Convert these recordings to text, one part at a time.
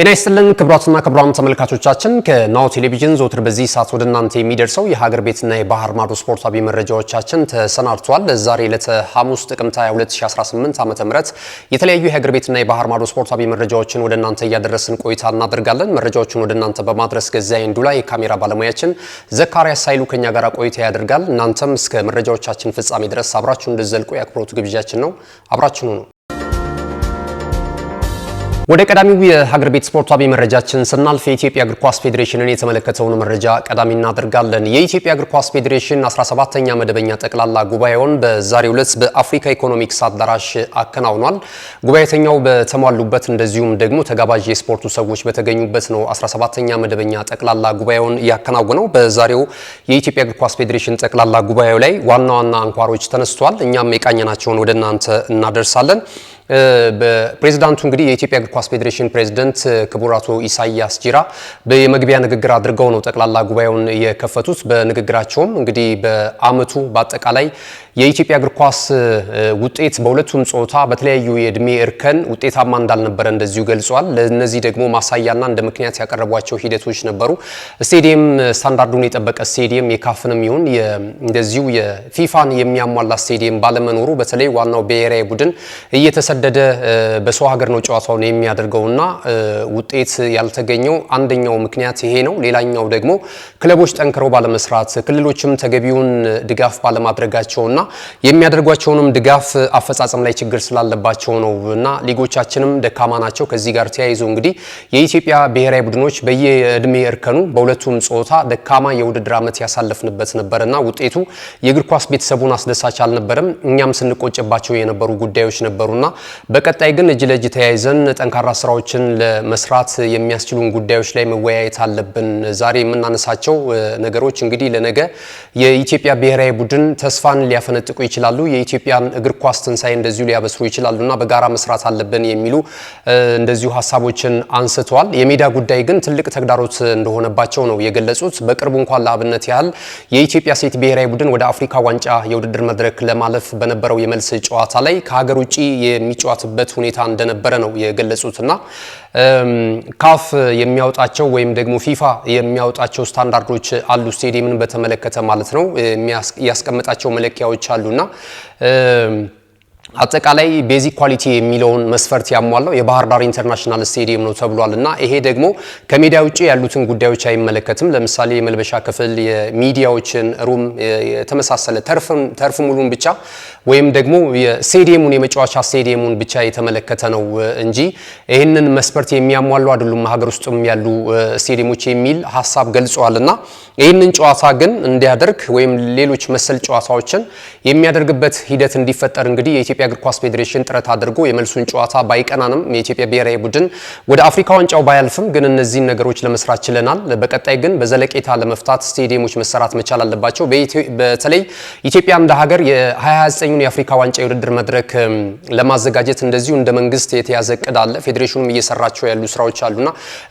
ጤና ይስጥልን ክቡራትና ክቡራን ተመልካቾቻችን፣ ከናሁ ቴሌቪዥን ዘውትር በዚህ ሰዓት ወደ እናንተ የሚደርሰው የሀገር ቤትና የባህር ማዶ ስፖርታዊ መረጃዎቻችን ተሰናድቷል። ዛሬ ዕለተ ሐሙስ ጥቅምት 2018 ዓ ም የተለያዩ የሀገር ቤትና የባህር ማዶ ስፖርታዊ መረጃዎችን ወደ እናንተ እያደረስን ቆይታ እናደርጋለን። መረጃዎችን ወደ እናንተ በማድረስ ገዛ እንዱላ የካሜራ ባለሙያችን ዘካሪያስ ሳይሉ ከኛ ጋር ቆይታ ያደርጋል። እናንተም እስከ መረጃዎቻችን ፍጻሜ ድረስ አብራችሁ እንድዘልቁ የአክብሮት ግብዣችን ነው። አብራችሁኑ ነው ወደ ቀዳሚው የሀገር ቤት ስፖርታዊ መረጃችን ስናልፍ የኢትዮጵያ እግር ኳስ ፌዴሬሽንን የተመለከተውን መረጃ ቀዳሚ እናደርጋለን። የኢትዮጵያ እግር ኳስ ፌዴሬሽን 17ኛ መደበኛ ጠቅላላ ጉባኤውን በዛሬው ዕለት በአፍሪካ ኢኮኖሚክስ አዳራሽ አከናውኗል። ጉባኤተኛው በተሟሉበት እንደዚሁም ደግሞ ተጋባዥ የስፖርቱ ሰዎች በተገኙበት ነው 17ኛ መደበኛ ጠቅላላ ጉባኤውን ያከናውነው። በዛሬው የኢትዮጵያ እግር ኳስ ፌዴሬሽን ጠቅላላ ጉባኤው ላይ ዋና ዋና አንኳሮች ተነስተዋል እኛም የቃኘናቸውን ወደ እናንተ እናደርሳለን። በፕሬዚዳንቱ እንግዲህ የኢትዮጵያ እግር ኳስ ፌዴሬሽን ፕሬዚደንት ክቡር አቶ ኢሳያስ ጂራ የመግቢያ ንግግር አድርገው ነው ጠቅላላ ጉባኤውን የከፈቱት። በንግግራቸውም እንግዲህ በአመቱ በአጠቃላይ የኢትዮጵያ እግር ኳስ ውጤት በሁለቱም ጾታ በተለያዩ የእድሜ እርከን ውጤታማ እንዳልነበረ እንደዚሁ ገልጿል። ለእነዚህ ደግሞ ማሳያና እንደ ምክንያት ያቀረቧቸው ሂደቶች ነበሩ። ስቴዲየም ስታንዳርዱን የጠበቀ ስቴዲየም የካፍንም ይሁን እንደዚሁ የፊፋን የሚያሟላ ስቴዲየም ባለመኖሩ በተለይ ዋናው ብሔራዊ ቡድን እየተሰደደ በሰው ሀገር ነው ጨዋታውን የሚያደርገውና ውጤት ያልተገኘው አንደኛው ምክንያት ይሄ ነው። ሌላኛው ደግሞ ክለቦች ጠንክረው ባለመስራት፣ ክልሎችም ተገቢውን ድጋፍ ባለማድረጋቸውና የሚያደርጓቸውንም ድጋፍ አፈጻጸም ላይ ችግር ስላለባቸው ነው እና ሊጎቻችንም ደካማ ናቸው። ከዚህ ጋር ተያይዞ እንግዲህ የኢትዮጵያ ብሔራዊ ቡድኖች በየእድሜ እርከኑ በሁለቱም ጾታ ደካማ የውድድር ዓመት ያሳለፍንበት ነበር እና ውጤቱ የእግር ኳስ ቤተሰቡን አስደሳች አልነበረም። እኛም ስንቆጭባቸው የነበሩ ጉዳዮች ነበሩና በቀጣይ ግን እጅ ለእጅ ተያይዘን ጠንካራ ስራዎችን ለመስራት የሚያስችሉን ጉዳዮች ላይ መወያየት አለብን። ዛሬ የምናነሳቸው ነገሮች እንግዲህ ለነገ የኢትዮጵያ ብሔራዊ ቡድን ተስፋን ሊያፈነ ሊያፈነጥቁ ይችላሉ፣ የኢትዮጵያን እግር ኳስ ትንሳኤ እንደዚሁ ሊያበስሩ ይችላሉ እና በጋራ መስራት አለብን የሚሉ እንደዚሁ ሀሳቦችን አንስተዋል። የሜዳ ጉዳይ ግን ትልቅ ተግዳሮት እንደሆነባቸው ነው የገለጹት። በቅርቡ እንኳን ለአብነት ያህል የኢትዮጵያ ሴት ብሔራዊ ቡድን ወደ አፍሪካ ዋንጫ የውድድር መድረክ ለማለፍ በነበረው የመልስ ጨዋታ ላይ ከሀገር ውጭ የሚጫወትበት ሁኔታ እንደነበረ ነው እና ካፍ የሚያወጣቸው ወይም ደግሞ ፊፋ የሚያወጣቸው ስታንዳርዶች አሉ። ስቴዲየምን በተመለከተ ማለት ነው ያስቀመጣቸው መለኪያዎች አሉና አጠቃላይ ቤዚክ ኳሊቲ የሚለውን መስፈርት ያሟላው የባህር ዳር ኢንተርናሽናል ስቴዲየም ነው ተብሏል እና ይሄ ደግሞ ከሜዳ ውጭ ያሉትን ጉዳዮች አይመለከትም። ለምሳሌ የመልበሻ ክፍል፣ የሚዲያዎችን ሩም፣ የተመሳሰለ ተርፍ ሙሉን ብቻ ወይም ደግሞ የስቴዲየሙን የመጫወቻ ስቴዲየሙን ብቻ የተመለከተ ነው እንጂ ይህንን መስፈርት የሚያሟሉ አይደሉም ሀገር ውስጥም ያሉ ስቴዲየሞች የሚል ሀሳብ ገልጸዋል እና ይህንን ጨዋታ ግን እንዲያደርግ ወይም ሌሎች መሰል ጨዋታዎችን የሚያደርግበት ሂደት እንዲፈጠር እንግዲህ የኢትዮጵያ የኢትዮጵያ እግር ኳስ ፌዴሬሽን ጥረት አድርጎ የመልሱን ጨዋታ ባይቀናንም የኢትዮጵያ ብሔራዊ ቡድን ወደ አፍሪካ ዋንጫው ባያልፍም ግን እነዚህን ነገሮች ለመስራት ችለናል። በቀጣይ ግን በዘለቄታ ለመፍታት ስቴዲየሞች መሰራት መቻል አለባቸው። በተለይ ኢትዮጵያ እንደ ሀገር የ 29 ን የአፍሪካ ዋንጫ የውድድር መድረክ ለማዘጋጀት እንደዚሁ እንደ መንግስት የተያዘ እቅድ አለ። ፌዴሬሽኑም እየሰራቸው ያሉ ስራዎች አሉና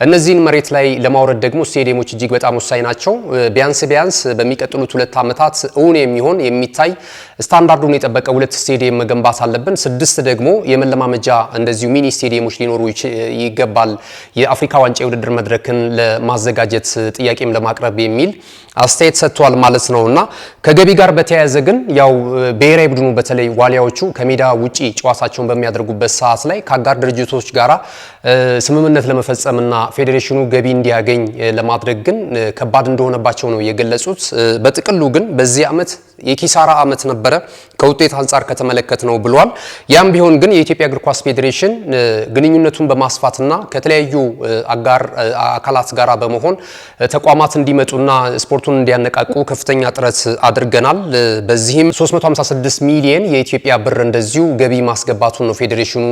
እነዚህን መሬት ላይ ለማውረድ ደግሞ ስቴዲየሞች እጅግ በጣም ወሳኝ ናቸው። ቢያንስ ቢያንስ በሚቀጥሉት ሁለት ዓመታት እውን የሚሆን የሚታይ ስታንዳርዱን የጠበቀ ሁለት ስቴዲየም መገንባት መግባት አለብን። ስድስት ደግሞ የመለማመጃ እንደዚሁ ሚኒ ስቴዲየሞች ሊኖሩ ይገባል። የአፍሪካ ዋንጫ የውድድር መድረክን ለማዘጋጀት ጥያቄም ለማቅረብ የሚል አስተያየት ሰጥቷል ማለት ነው እና ከገቢ ጋር በተያያዘ ግን ያው ብሔራዊ ቡድኑ በተለይ ዋሊያዎቹ ከሜዳ ውጪ ጨዋታቸውን በሚያደርጉበት ሰዓት ላይ ከአጋር ድርጅቶች ጋራ ስምምነት ለመፈጸምና ፌዴሬሽኑ ገቢ እንዲያገኝ ለማድረግ ግን ከባድ እንደሆነባቸው ነው የገለጹት። በጥቅሉ ግን በዚህ ዓመት የኪሳራ ዓመት ነበረ ከውጤት አንጻር ከተመለከት ነው ብሏል። ያም ቢሆን ግን የኢትዮጵያ እግር ኳስ ፌዴሬሽን ግንኙነቱን በማስፋትና ከተለያዩ አጋር አካላት ጋር በመሆን ተቋማት እንዲመጡና ስፖርቱን እንዲያነቃቁ ከፍተኛ ጥረት አድርገናል። በዚህም 356 ሚሊየን የኢትዮጵያ ብር እንደዚሁ ገቢ ማስገባቱን ነው ፌዴሬሽኑ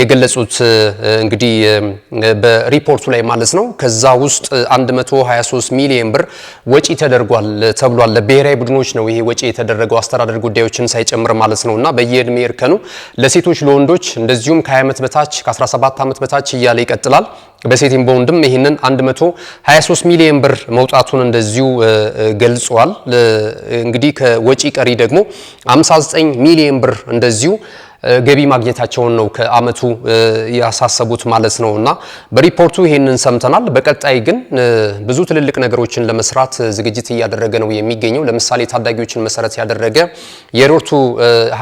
የገለጹት። እንግዲህ በሪፖርቱ ላይ ማለት ነው። ከዛ ውስጥ 123 ሚሊየን ብር ወጪ ተደርጓል ተብሏል። ለብሔራዊ ቡድኖች ነው ይሄ ወጪ የተደረጉ አስተዳደር ጉዳዮችን ሳይጨምር ማለት ነው እና በየእድሜ እርከኑ ለሴቶች ለወንዶች እንደዚሁም ከ20 ዓመት በታች ከ17 ዓመት በታች እያለ ይቀጥላል። በሴቲም በወንድም ይህንን 123 ሚሊዮን ብር መውጣቱን እንደዚሁ ገልጿል። እንግዲህ ከወጪ ቀሪ ደግሞ 59 ሚሊዮን ብር እንደዚሁ ገቢ ማግኘታቸውን ነው ከአመቱ ያሳሰቡት ማለት ነው። እና በሪፖርቱ ይህንን ሰምተናል። በቀጣይ ግን ብዙ ትልልቅ ነገሮችን ለመስራት ዝግጅት እያደረገ ነው የሚገኘው። ለምሳሌ ታዳጊዎችን መሰረት ያደረገ የሮቱ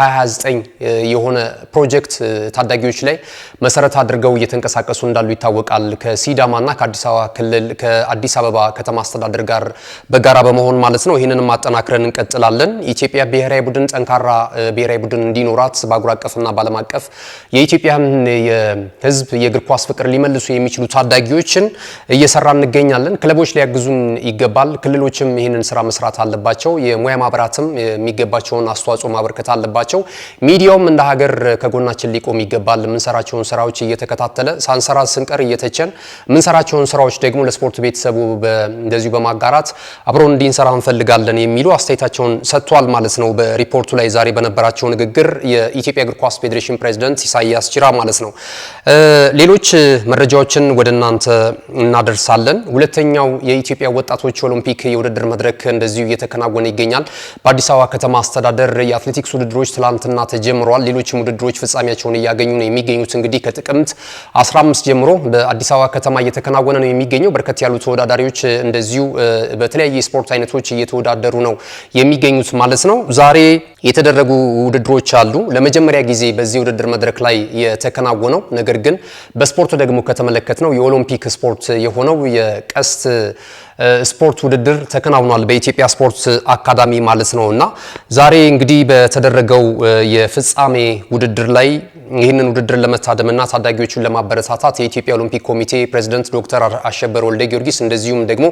29 የሆነ ፕሮጀክት ታዳጊዎች ላይ መሰረት አድርገው እየተንቀሳቀሱ እንዳሉ ይታወቃል። ከሲዳማና ከአዲስ አበባ ክልል ከአዲስ አበባ ከተማ አስተዳደር ጋር በጋራ በመሆን ማለት ነው። ይህንንም አጠናክረን እንቀጥላለን። ኢትዮጵያ ብሔራዊ ቡድን ጠንካራ ብሔራዊ ቡድን እንዲኖራት በአጉራ በሚንቀሳቀስና በዓለም አቀፍ የኢትዮጵያን የህዝብ የእግር ኳስ ፍቅር ሊመልሱ የሚችሉ ታዳጊዎችን እየሰራ እንገኛለን። ክለቦች ሊያግዙን ይገባል። ክልሎችም ይህንን ስራ መስራት አለባቸው። የሙያ ማህበራትም የሚገባቸውን አስተዋጽኦ ማበርከት አለባቸው። ሚዲያውም እንደ ሀገር ከጎናችን ሊቆም ይገባል። የምንሰራቸውን ስራዎች እየተከታተለ ሳንሰራ ስንቀር እየተቸን የምንሰራቸውን ስራዎች ደግሞ ለስፖርት ቤተሰቡ እንደዚሁ በማጋራት አብሮን እንዲንሰራ እንፈልጋለን የሚሉ አስተያየታቸውን ሰጥቷል ማለት ነው። በሪፖርቱ ላይ ዛሬ በነበራቸው ንግግር የኢትዮጵያ የእግር ኳስ ፌዴሬሽን ፕሬዚደንት ኢሳያስ ጂራ ማለት ነው። ሌሎች መረጃዎችን ወደ እናንተ እናደርሳለን። ሁለተኛው የኢትዮጵያ ወጣቶች ኦሎምፒክ የውድድር መድረክ እንደዚሁ እየተከናወነ ይገኛል። በአዲስ አበባ ከተማ አስተዳደር የአትሌቲክስ ውድድሮች ትላንትና ተጀምረዋል። ሌሎችም ውድድሮች ፍጻሜያቸውን እያገኙ ነው የሚገኙት። እንግዲህ ከጥቅምት 15 ጀምሮ በአዲስ አበባ ከተማ እየተከናወነ ነው የሚገኘው። በርከት ያሉ ተወዳዳሪዎች እንደዚሁ በተለያዩ የስፖርት አይነቶች እየተወዳደሩ ነው የሚገኙት ማለት ነው። ዛሬ የተደረጉ ውድድሮች አሉ። ለመጀመሪያ ጊዜ በዚህ ውድድር መድረክ ላይ የተከናወነው ነገር ግን በስፖርቱ ደግሞ ከተመለከት ነው የኦሎምፒክ ስፖርት የሆነው የቀስት ስፖርት ውድድር ተከናውኗል። በኢትዮጵያ ስፖርት አካዳሚ ማለት ነው እና ዛሬ እንግዲህ በተደረገው የፍጻሜ ውድድር ላይ ይህንን ውድድር ለመታደምና ታዳጊዎቹን ለማበረታታት የኢትዮጵያ ኦሎምፒክ ኮሚቴ ፕሬዚደንት ዶክተር አሸበር ወልደ ጊዮርጊስ እንደዚሁም ደግሞ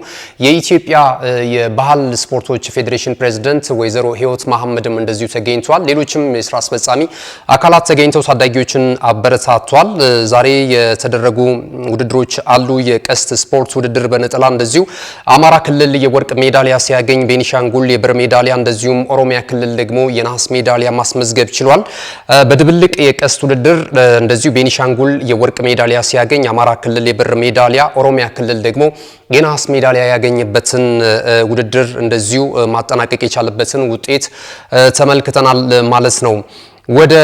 የኢትዮጵያ የባህል ስፖርቶች ፌዴሬሽን ፕሬዚደንት ወይዘሮ ህይወት መሐመድም እንደዚሁ ተገኝተዋል። ሌሎችም የስራ አስፈጻሚ አካላት ተገኝተው ታዳጊዎችን አበረታቷል። ዛሬ የተደረጉ ውድድሮች አሉ። የቀስት ስፖርት ውድድር በነጠላ እንደዚሁ አማራ ክልል የወርቅ ሜዳሊያ ሲያገኝ ቤኒሻንጉል የብር ሜዳሊያ እንደዚሁም ኦሮሚያ ክልል ደግሞ የነሐስ ሜዳሊያ ማስመዝገብ ችሏል። በድብልቅ የቀስት ውድድር እንደዚሁ ቤኒሻንጉል የወርቅ ሜዳሊያ ሲያገኝ፣ አማራ ክልል የብር ሜዳሊያ፣ ኦሮሚያ ክልል ደግሞ የነሐስ ሜዳሊያ ያገኘበትን ውድድር እንደዚሁ ማጠናቀቅ የቻለበትን ውጤት ተመልክተናል ማለት ነው። ወደ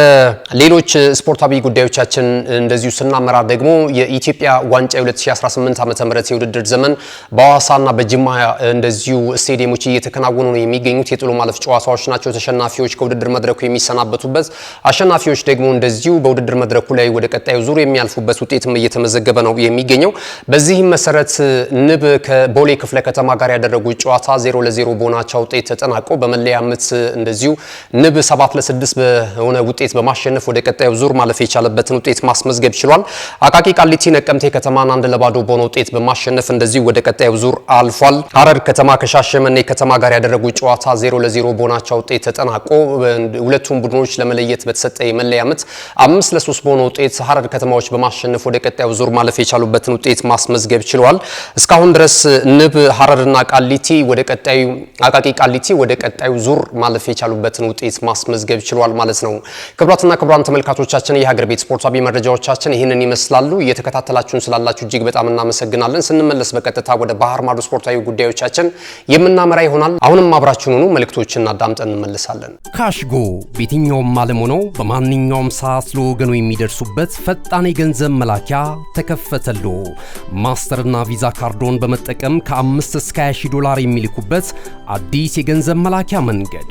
ሌሎች ስፖርታዊ ጉዳዮቻችን እንደዚሁ ስናመራ ደግሞ የኢትዮጵያ ዋንጫ 2018 ዓመተ ምህረት የውድድር ዘመን በአዋሳና በጅማ እንደዚሁ ስቴዲየሞች እየተከናወኑ ነው የሚገኙት የጥሎ ማለፍ ጨዋታዎች ናቸው። ተሸናፊዎች ከውድድር መድረኩ የሚሰናበቱበት፣ አሸናፊዎች ደግሞ እንደዚሁ በውድድር መድረኩ ላይ ወደ ቀጣዩ ዙር የሚያልፉበት ውጤትም እየተመዘገበ ነው የሚገኘው። በዚህም መሰረት ንብ ከቦሌ ክፍለ ከተማ ጋር ያደረጉት ጨዋታ 0 ለ0 በሆናቸው ውጤት ተጠናቆ በመለያ ምት እንደዚሁ ንብ 7 ለ6 በሆነ ውጤት በማሸነፍ ወደ ቀጣዩ ዙር ማለፍ የቻለበትን ውጤት ማስመዝገብ ችሏል። አቃቂ ቃሊቲ ነቀምቴ ከተማን አንድ ለባዶ በሆነ ውጤት በማሸነፍ እንደዚሁ ወደ ቀጣዩ ዙር አልፏል። ሀረር ከተማ ከሻሸመኔ ከተማ ጋር ያደረጉት ጨዋታ ዜሮ ለዜሮ በሆናቸው ውጤት ተጠናቆ ሁለቱም ቡድኖች ለመለየት በተሰጠ የመለያ ምት አምስት ለሶስት በሆነ ውጤት ሀረር ከተማዎች በማሸነፍ ወደ ቀጣዩ ዙር ማለፍ የቻሉበትን ውጤት ማስመዝገብ ችሏል። እስካሁን ድረስ ንብ ሀረርና ቃሊቲ ወደ ቀጣዩ አቃቂ ቃሊቲ ወደ ቀጣዩ ዙር ማለፍ የቻሉበትን ውጤት ማስመዝገብ ችሏል ማለት ነው። ነው። ክቡራትና ክቡራን ተመልካቾቻችን የሀገር ቤት ስፖርታዊ መረጃዎቻችን ይህንን ይመስላሉ። እየተከታተላችሁን ስላላችሁ እጅግ በጣም እናመሰግናለን። ስንመለስ በቀጥታ ወደ ባህር ማዶ ስፖርታዊ ጉዳዮቻችን የምናመራ ይሆናል። አሁንም አብራችሁን ሆኑ። መልእክቶችን አዳምጠን እንመልሳለን። ካሽጎ በየትኛውም ዓለም ሆነው በማንኛውም ሰዓት ለወገኑ የሚደርሱበት ፈጣን የገንዘብ መላኪያ ተከፈተሉ። ማስተርና ቪዛ ካርዶን በመጠቀም ከአምስት እስከ 20 ዶላር የሚልኩበት አዲስ የገንዘብ መላኪያ መንገድ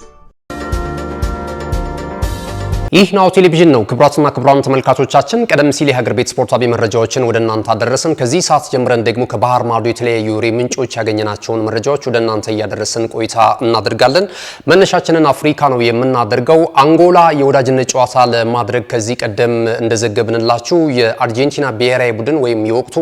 ይህ ናሁ ቴሌቪዥን ነው። ክቡራትና ክቡራን ተመልካቾቻችን ቀደም ሲል የሀገር ቤት ስፖርታዊ መረጃዎችን ወደ እናንተ አደረስን። ከዚህ ሰዓት ጀምረን ደግሞ ከባህር ማዶ የተለያዩ ሬ ምንጮች ያገኘናቸውን መረጃዎች ወደ እናንተ እያደረስን ቆይታ እናደርጋለን። መነሻችንን አፍሪካ ነው የምናደርገው። አንጎላ የወዳጅነት ጨዋታ ለማድረግ ከዚህ ቀደም እንደዘገብንላችሁ የአርጀንቲና ብሔራዊ ቡድን ወይም የወቅቱ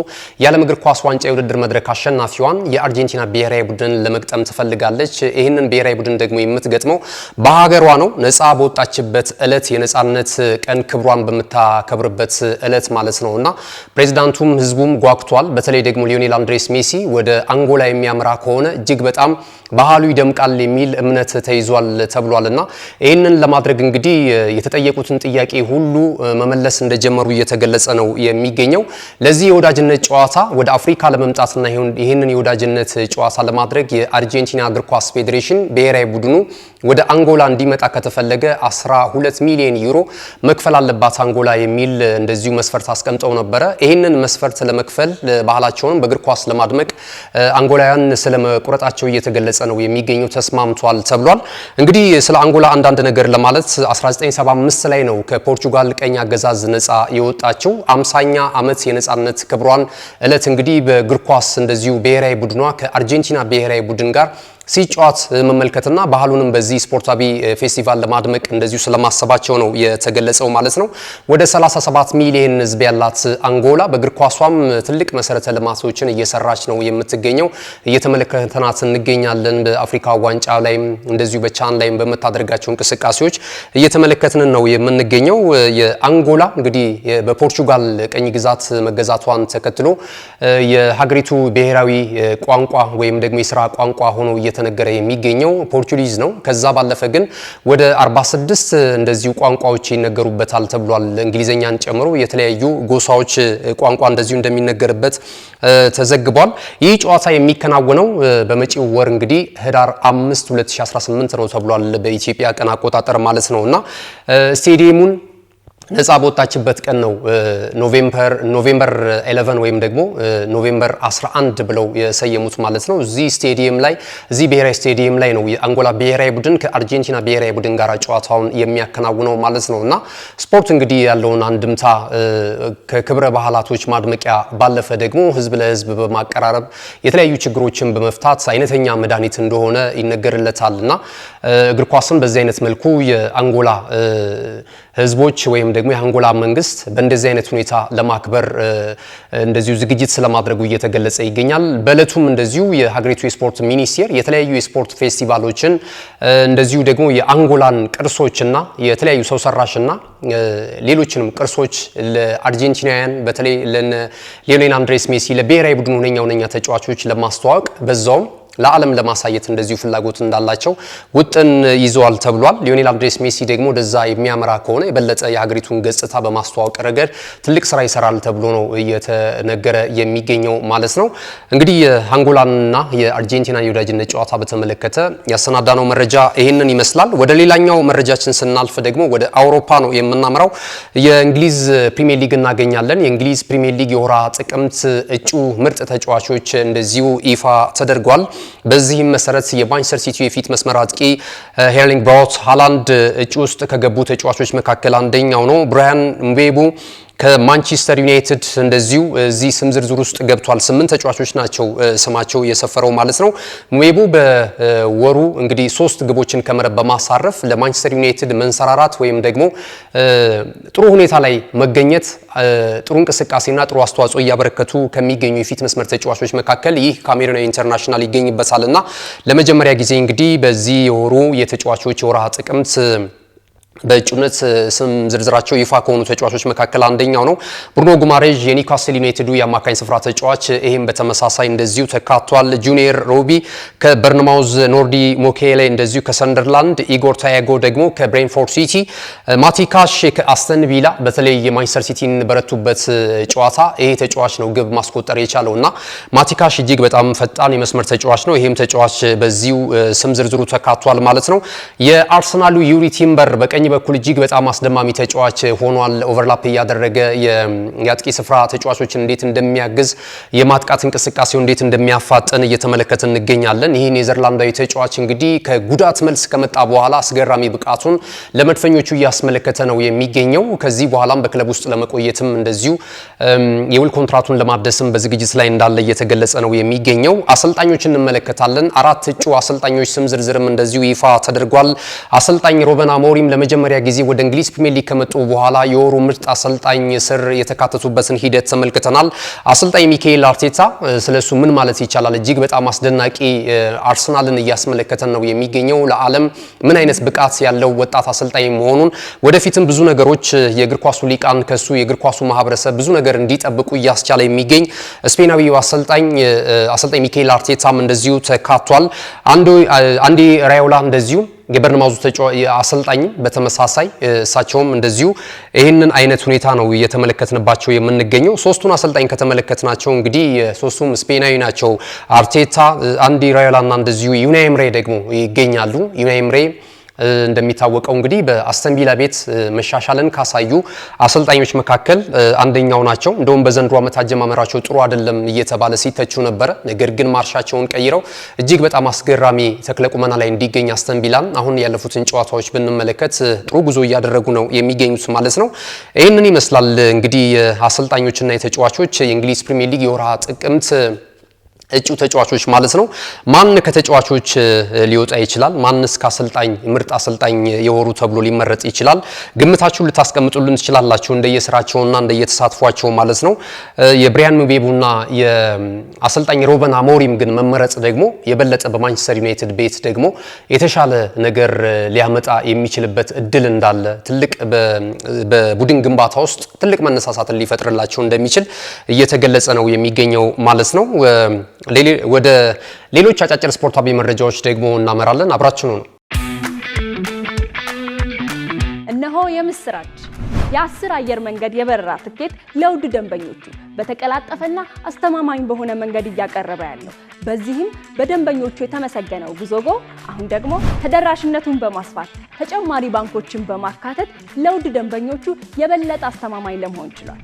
የዓለም እግር ኳስ ዋንጫ የውድድር መድረክ አሸናፊዋን የአርጀንቲና ብሔራዊ ቡድን ለመግጠም ትፈልጋለች። ይህንን ብሔራዊ ቡድን ደግሞ የምትገጥመው በሀገሯ ነው ነፃ በወጣችበት እለት ። የነጻነት ቀን ክብሯን በምታከብርበት እለት ማለት ነው እና ፕሬዚዳንቱም ህዝቡም ጓግቷል። በተለይ ደግሞ ሊዮኔል አንድሬስ ሜሲ ወደ አንጎላ የሚያምራ ከሆነ እጅግ በጣም ባህሉ ይደምቃል የሚል እምነት ተይዟል ተብሏል እና ይህንን ለማድረግ እንግዲህ የተጠየቁትን ጥያቄ ሁሉ መመለስ እንደጀመሩ እየተገለጸ ነው የሚገኘው። ለዚህ የወዳጅነት ጨዋታ ወደ አፍሪካ ለመምጣትና ይህንን የወዳጅነት ጨዋታ ለማድረግ የአርጀንቲና እግር ኳስ ፌዴሬሽን ብሔራዊ ቡድኑ ወደ አንጎላ እንዲመጣ ከተፈለገ 12 ሚሊዮን ዩሮ መክፈል አለባት አንጎላ የሚል እንደዚሁ መስፈርት አስቀምጠው ነበረ። ይህንን መስፈርት ለመክፈል ባህላቸውንም በእግር ኳስ ለማድመቅ አንጎላውያን ስለመቁረጣቸው እየተገለጸ ነው የሚገኘው ተስማምቷል ተብሏል። እንግዲህ ስለ አንጎላ አንዳንድ ነገር ለማለት 1975 ላይ ነው ከፖርቹጋል ቀኝ አገዛዝ ነፃ የወጣቸው። አምሳኛ ዓመት የነፃነት ክብሯን እለት እንግዲህ በእግር ኳስ እንደዚሁ ብሔራዊ ቡድኗ ከአርጀንቲና ብሔራዊ ቡድን ጋር ሲጫወት መመልከትና ባህሉንም በዚህ ስፖርታዊ ፌስቲቫል ለማድመቅ እንደዚሁ ስለማሰባቸው ነው የተገለጸው ማለት ነው። ወደ 37 ሚሊዮን ህዝብ ያላት አንጎላ በእግር ኳሷም ትልቅ መሰረተ ልማቶችን እየሰራች ነው የምትገኘው። እየተመለከተናት እንገኛለን። በአፍሪካ ዋንጫ ላይም እንደዚሁ በቻን ላይም በምታደርጋቸው እንቅስቃሴዎች እየተመለከትን ነው የምንገኘው። የአንጎላ እንግዲህ በፖርቹጋል ቀኝ ግዛት መገዛቷን ተከትሎ የሀገሪቱ ብሔራዊ ቋንቋ ወይም ደግሞ የስራ ቋንቋ ሆኖ እየተ እየተነገረ የሚገኘው ፖርቹጊዝ ነው። ከዛ ባለፈ ግን ወደ 46 እንደዚሁ ቋንቋዎች ይነገሩበታል ተብሏል። እንግሊዝኛን ጨምሮ የተለያዩ ጎሳዎች ቋንቋ እንደዚሁ እንደሚነገርበት ተዘግቧል። ይህ ጨዋታ የሚከናወነው በመጪው ወር እንግዲህ ህዳር 5 2018 ነው ተብሏል በኢትዮጵያ ቀን አቆጣጠር ማለት ነው እና ስቴዲየሙን ነፃ በወጣችበት ቀን ነው ኖቬምበር ኖቬምበር 11 ወይም ደግሞ ኖቬምበር 11 ብለው የሰየሙት ማለት ነው። እዚህ ስቴዲየም ላይ እዚህ ብሔራዊ ስቴዲየም ላይ ነው የአንጎላ ብሔራዊ ቡድን ከአርጀንቲና ብሔራዊ ቡድን ጋር ጨዋታውን የሚያከናውነው ማለት ነው እና ስፖርት እንግዲህ ያለውን አንድምታ ከክብረ ባህላቶች ማድመቂያ ባለፈ ደግሞ ህዝብ ለህዝብ በማቀራረብ የተለያዩ ችግሮችን በመፍታት አይነተኛ መድኃኒት እንደሆነ ይነገርለታል እና እግር ኳስም በዚህ አይነት መልኩ የአንጎላ ህዝቦች ወይም ደግሞ የአንጎላ መንግስት በእንደዚህ አይነት ሁኔታ ለማክበር እንደዚሁ ዝግጅት ስለማድረጉ እየተገለጸ ይገኛል። በእለቱም እንደዚሁ የሀገሪቱ የስፖርት ሚኒስቴር የተለያዩ የስፖርት ፌስቲቫሎችን እንደዚሁ ደግሞ የአንጎላን ቅርሶችና የተለያዩ ሰው ሰራሽና ሌሎችንም ቅርሶች ለአርጀንቲናውያን በተለይ ለሊዮኔል አንድሬስ ሜሲ ለብሔራዊ ቡድን ሁነኛ ሁነኛ ተጫዋቾች ለማስተዋወቅ በዛውም ለዓለም ለማሳየት እንደዚሁ ፍላጎት እንዳላቸው ውጥን ይዘዋል ተብሏል። ሊዮኔል አንድሬስ ሜሲ ደግሞ ወደዛ የሚያመራ ከሆነ የበለጠ የሀገሪቱን ገጽታ በማስተዋወቅ ረገድ ትልቅ ስራ ይሰራል ተብሎ ነው እየተነገረ የሚገኘው ማለት ነው። እንግዲህ የአንጎላና የአርጀንቲና የወዳጅነት ጨዋታ በተመለከተ ያሰናዳነው መረጃ ይህንን ይመስላል። ወደ ሌላኛው መረጃችን ስናልፍ ደግሞ ወደ አውሮፓ ነው የምናምራው። የእንግሊዝ ፕሪሚየር ሊግ እናገኛለን። የእንግሊዝ ፕሪሚየር ሊግ የወርሃ ጥቅምት እጩ ምርጥ ተጫዋቾች እንደዚሁ ይፋ ተደርጓል። በዚህም መሰረት የማንቸስተር ሲቲ የፊት መስመር አጥቂ ሄርሊንግ ብራውት ሃላንድ እጩ ውስጥ ከገቡ ተጫዋቾች መካከል አንደኛው ነው። ብራያን ምቤቡ ከማንቸስተር ዩናይትድ እንደዚሁ እዚህ ስም ዝርዝር ውስጥ ገብቷል። ስምንት ተጫዋቾች ናቸው ስማቸው የሰፈረው ማለት ነው። ሙዌቡ በወሩ እንግዲህ ሶስት ግቦችን ከመረብ በማሳረፍ ለማንቸስተር ዩናይትድ መንሰራራት ወይም ደግሞ ጥሩ ሁኔታ ላይ መገኘት ጥሩ እንቅስቃሴና ጥሩ አስተዋጽኦ እያበረከቱ ከሚገኙ የፊት መስመር ተጫዋቾች መካከል ይህ ካሜሩናዊ ኢንተርናሽናል ይገኝበታል እና ለመጀመሪያ ጊዜ እንግዲህ በዚህ የወሩ የተጫዋቾች የወርሃ ጥቅምት በእጩነት ስም ዝርዝራቸው ይፋ ከሆኑ ተጫዋቾች መካከል አንደኛው ነው። ብሩኖ ጉማሬዥ የኒውካስል ዩናይትዱ የአማካኝ ስፍራ ተጫዋች ይህም በተመሳሳይ እንደዚሁ ተካቷል። ጁኒየር ሮቢ ከበርንማውዝ፣ ኖርዲ ሞኬሌ እንደዚሁ ከሰንደርላንድ፣ ኢጎር ታያጎ ደግሞ ከብሬንፎርድ ሲቲ፣ ማቲካሽ ከአስተን ቪላ በተለይ የማንቸስተር ሲቲን በረቱበት ጨዋታ ይሄ ተጫዋች ነው ግብ ማስቆጠር የቻለው እና ማቲካሽ እጅግ በጣም ፈጣን የመስመር ተጫዋች ነው። ይህም ተጫዋች በዚሁ ስም ዝርዝሩ ተካቷል ማለት ነው። የአርሰናሉ ዩሪ ቲምበር በቀኝ በኩል እጅግ በጣም አስደማሚ ተጫዋች ሆኗል። ኦቨርላፕ እያደረገ የአጥቂ ስፍራ ተጫዋቾችን እንዴት እንደሚያግዝ፣ የማጥቃት እንቅስቃሴው እንዴት እንደሚያፋጥን እየተመለከት እንገኛለን። ይህ ኔዘርላንዳዊ ተጫዋች እንግዲህ ከጉዳት መልስ ከመጣ በኋላ አስገራሚ ብቃቱን ለመድፈኞቹ እያስመለከተ ነው የሚገኘው። ከዚህ በኋላም በክለብ ውስጥ ለመቆየትም እንደዚሁ የውል ኮንትራቱን ለማደስም በዝግጅት ላይ እንዳለ እየተገለጸ ነው የሚገኘው። አሰልጣኞች እንመለከታለን። አራት እጩ አሰልጣኞች ስም ዝርዝርም እንደዚሁ ይፋ ተደርጓል። አሰልጣኝ ሮበን አሞሪም ለመጀመ ለመጀመሪያ ጊዜ ወደ እንግሊዝ ፕሪሚየር ሊግ ከመጡ በኋላ የወሩ ምርጥ አሰልጣኝ ስር የተካተቱበትን ሂደት ተመልክተናል። አሰልጣኝ ሚካኤል አርቴታ ስለሱ ምን ማለት ይቻላል? እጅግ በጣም አስደናቂ አርሰናልን እያስመለከተን ነው የሚገኘው። ለዓለም ምን አይነት ብቃት ያለው ወጣት አሰልጣኝ መሆኑን ወደፊትም ብዙ ነገሮች የእግር ኳሱ ሊቃን ከሱ የእግር ኳሱ ማህበረሰብ ብዙ ነገር እንዲጠብቁ እያስቻለ የሚገኝ ስፔናዊ አሰልጣኝ አሰልጣኝ ሚካኤል አርቴታም እንደዚሁ ተካቷል። አንዴ ራዮላ እንደዚሁ የበርንማውዙ አሰልጣኝም በተመሳሳይ እሳቸውም እንደዚሁ ይህንን አይነት ሁኔታ ነው እየተመለከትንባቸው የምንገኘው። ሶስቱን አሰልጣኝ ከተመለከትናቸው እንግዲህ ሶስቱም ስፔናዊ ናቸው። አርቴታ፣ አንዲ ራዮላ እና እንደዚሁ ዩናይምሬ ደግሞ ይገኛሉ። ዩናይምሬ እንደሚታወቀው እንግዲህ በአስተንቢላ ቤት መሻሻልን ካሳዩ አሰልጣኞች መካከል አንደኛው ናቸው። እንደውም በዘንድሮ ዓመት አጀማመራቸው ጥሩ አይደለም እየተባለ ሲተቹ ነበረ። ነገር ግን ማርሻቸውን ቀይረው እጅግ በጣም አስገራሚ ተክለቁመና ላይ እንዲገኝ አስተንቢላ አሁን ያለፉትን ጨዋታዎች ብንመለከት ጥሩ ጉዞ እያደረጉ ነው የሚገኙት ማለት ነው። ይህንን ይመስላል እንግዲህ አሰልጣኞችና የተጫዋቾች የእንግሊዝ ፕሪሚየር ሊግ የወርሃ ጥቅምት እጩ ተጫዋቾች ማለት ነው። ማን ከተጫዋቾች ሊወጣ ይችላል? ማንስ ከአሰልጣኝ ምርጥ አሰልጣኝ የወሩ ተብሎ ሊመረጥ ይችላል? ግምታችሁን ልታስቀምጡልን ትችላላችሁ፣ እንደየስራቸውና እንደየተሳትፏቸው ማለት ነው። የብሪያን ምቤቡና የአሰልጣኝ ሮበን አሞሪም ግን መመረጥ ደግሞ የበለጠ በማንቸስተር ዩናይትድ ቤት ደግሞ የተሻለ ነገር ሊያመጣ የሚችልበት እድል እንዳለ ትልቅ በቡድን ግንባታ ውስጥ ትልቅ መነሳሳትን ሊፈጥርላቸው እንደሚችል እየተገለጸ ነው የሚገኘው ማለት ነው። ወደ ሌሎች አጫጭር ስፖርታዊ መረጃዎች ደግሞ እናመራለን። አብራችኑ ነው። እነሆ የምስራች የአስር አየር መንገድ የበረራ ትኬት ለውድ ደንበኞቹ በተቀላጠፈና አስተማማኝ በሆነ መንገድ እያቀረበ ያለው በዚህም በደንበኞቹ የተመሰገነው ጉዞጎ አሁን ደግሞ ተደራሽነቱን በማስፋት ተጨማሪ ባንኮችን በማካተት ለውድ ደንበኞቹ የበለጠ አስተማማኝ ለመሆን ችሏል።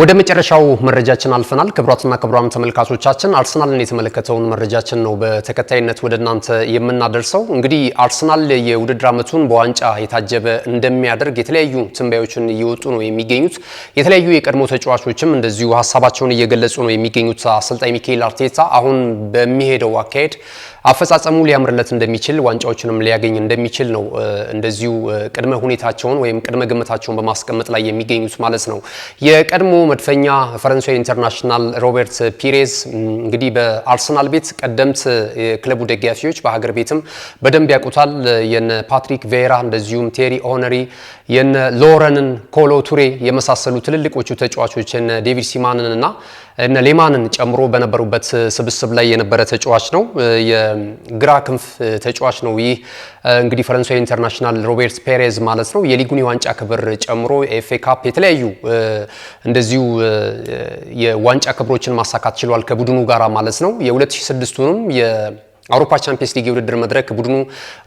ወደ መጨረሻው መረጃችን አልፈናል። ክቡራትና ክቡራን ተመልካቾቻችን አርሰናልን የተመለከተውን መረጃችን ነው በተከታይነት ወደ እናንተ የምናደርሰው። እንግዲህ አርሰናል የውድድር ዓመቱን በዋንጫ የታጀበ እንደሚያደርግ የተለያዩ ትንበያዎችን እየወጡ ነው የሚገኙት። የተለያዩ የቀድሞ ተጫዋቾችም እንደዚሁ ሀሳባቸውን እየገለጹ ነው የሚገኙት። አሰልጣኝ ሚካኤል አርቴታ አሁን በሚሄደው አካሄድ አፈጻጸሙ ሊያምርለት እንደሚችል ዋንጫዎችንም ሊያገኝ እንደሚችል ነው እንደዚሁ ቅድመ ሁኔታቸውን ወይም ቅድመ ግምታቸውን በማስቀመጥ ላይ የሚገኙት ማለት ነው። የቀድሞ መድፈኛ ፈረንሳዊ ኢንተርናሽናል ሮበርት ፒሬዝ እንግዲህ በአርሰናል ቤት ቀደምት የክለቡ ደጋፊዎች በሀገር ቤትም በደንብ ያውቁታል። የነ ፓትሪክ ቬራ እንደዚሁም ቴሪ ኦነሪ የነ ሎረንን ኮሎ ቱሬ የመሳሰሉ ትልልቆቹ ተጫዋቾች የነ ዴቪድ ሲማንን እና እነ ሌማንን ጨምሮ በነበሩበት ስብስብ ላይ የነበረ ተጫዋች ነው። የግራ ክንፍ ተጫዋች ነው። ይህ እንግዲህ ፈረንሳዊ ኢንተርናሽናል ሮቤርት ፔሬዝ ማለት ነው። የሊጉን የዋንጫ ክብር ጨምሮ ኤፍ ኤ ካፕ፣ የተለያዩ እንደዚሁ የዋንጫ ክብሮችን ማሳካት ችሏል ከቡድኑ ጋራ ማለት ነው። የ2006ቱንም አውሮፓ ቻምፒየንስ ሊግ የውድድር መድረክ ቡድኑ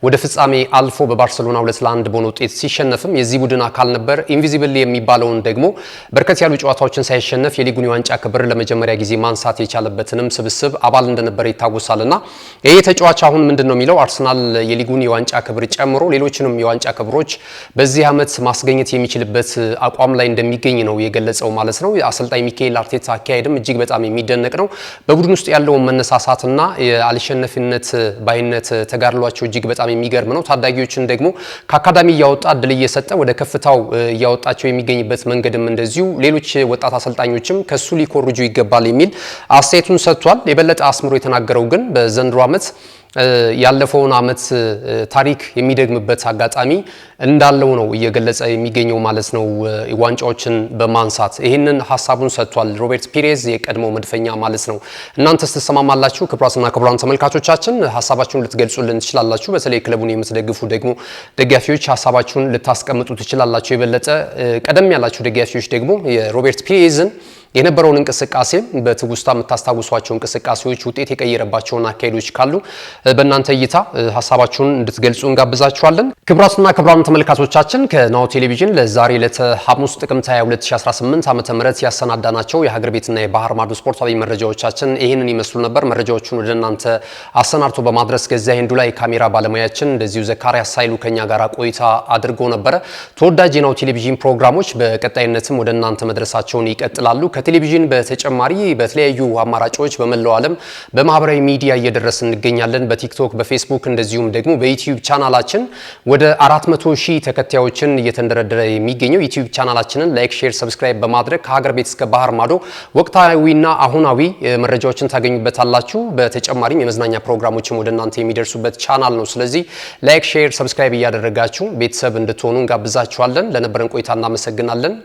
ወደ ፍጻሜ አልፎ በባርሰሎና ሁለት ለአንድ በሆነ ውጤት ሲሸነፍም የዚህ ቡድን አካል ነበር። ኢንቪዚብል የሚባለውን ደግሞ በርከት ያሉ ጨዋታዎችን ሳይሸነፍ የሊጉን የዋንጫ ክብር ለመጀመሪያ ጊዜ ማንሳት የቻለበትንም ስብስብ አባል እንደነበረ ይታወሳል። እና ይህ ተጫዋች አሁን ምንድን ነው የሚለው አርሰናል የሊጉን የዋንጫ ክብር ጨምሮ ሌሎችንም የዋንጫ ክብሮች በዚህ ዓመት ማስገኘት የሚችልበት አቋም ላይ እንደሚገኝ ነው የገለጸው ማለት ነው። አሰልጣኝ ሚካኤል አርቴታ አካሄድም እጅግ በጣም የሚደነቅ ነው። በቡድን ውስጥ ያለውን መነሳሳትና አልሸነፍን ማንነት ባይነት ተጋድሏቸው እጅግ በጣም የሚገርም ነው። ታዳጊዎችን ደግሞ ከአካዳሚ እያወጣ እድል እየሰጠ ወደ ከፍታው እያወጣቸው የሚገኝበት መንገድም እንደዚሁ ሌሎች ወጣት አሰልጣኞችም ከሱ ሊኮርጁ ይገባል የሚል አስተያየቱን ሰጥቷል። የበለጠ አስምሮ የተናገረው ግን በዘንድሮ ዓመት ያለፈውን ዓመት ታሪክ የሚደግምበት አጋጣሚ እንዳለው ነው እየገለጸ የሚገኘው ማለት ነው። ዋንጫዎችን በማንሳት ይህንን ሀሳቡን ሰጥቷል ሮቤርት ፒሬዝ የቀድሞ መድፈኛ ማለት ነው። እናንተ ስትሰማማላችሁ፣ ክቡራትና ክቡራን ተመልካቾቻችን ሀሳባችሁን ልትገልጹልን ትችላላችሁ። በተለይ ክለቡን የምትደግፉ ደግሞ ደጋፊዎች ሀሳባችሁን ልታስቀምጡ ትችላላችሁ። የበለጠ ቀደም ያላችሁ ደጋፊዎች ደግሞ የሮቤርት ፒሬዝን የነበረውን እንቅስቃሴ በትውስታ የምታስታውሷቸው እንቅስቃሴዎች ውጤት የቀየረባቸውን አካሄዶች ካሉ በእናንተ እይታ ሀሳባችሁን እንድትገልጹ እንጋብዛችኋለን። ክቡራትና ክቡራን ተመልካቾቻችን ከናሁ ቴሌቪዥን ለዛሬ ዕለተ ሐሙስ ጥቅምት 22 2018 ዓ ም ያሰናዳናቸው የሀገር ቤትና የባህር ማዶ ስፖርታዊ መረጃዎቻችን ይህንን ይመስሉ ነበር። መረጃዎቹን ወደ እናንተ አሰናድቶ በማድረስ ገዛ ሄንዱ ላይ ካሜራ ባለሙያችን እንደዚሁ ዘካሪያስ ኃይሉ ከኛ ጋር ቆይታ አድርጎ ነበረ። ተወዳጅ የናሁ ቴሌቪዥን ፕሮግራሞች በቀጣይነትም ወደ እናንተ መድረሳቸውን ይቀጥላሉ። ከቴሌቪዥን በተጨማሪ በተለያዩ አማራጮች በመላው ዓለም በማህበራዊ ሚዲያ እየደረስ እንገኛለን። በቲክቶክ፣ በፌስቡክ እንደዚሁም ደግሞ በዩትዩብ ቻናላችን ወደ 400 ሺህ ተከታዮችን እየተንደረደረ የሚገኘው ዩቲዩብ ቻናላችንን ላይክ፣ ሼር፣ ሰብስክራይብ በማድረግ ከሀገር ቤት እስከ ባህር ማዶ ወቅታዊና አሁናዊ መረጃዎችን ታገኙበታላችሁ። በተጨማሪም የመዝናኛ ፕሮግራሞችም ወደ እናንተ የሚደርሱበት ቻናል ነው። ስለዚህ ላይክ፣ ሼር፣ ሰብስክራይብ እያደረጋችሁ ቤተሰብ እንድትሆኑ እንጋብዛችኋለን። ለነበረን ቆይታ እናመሰግናለን።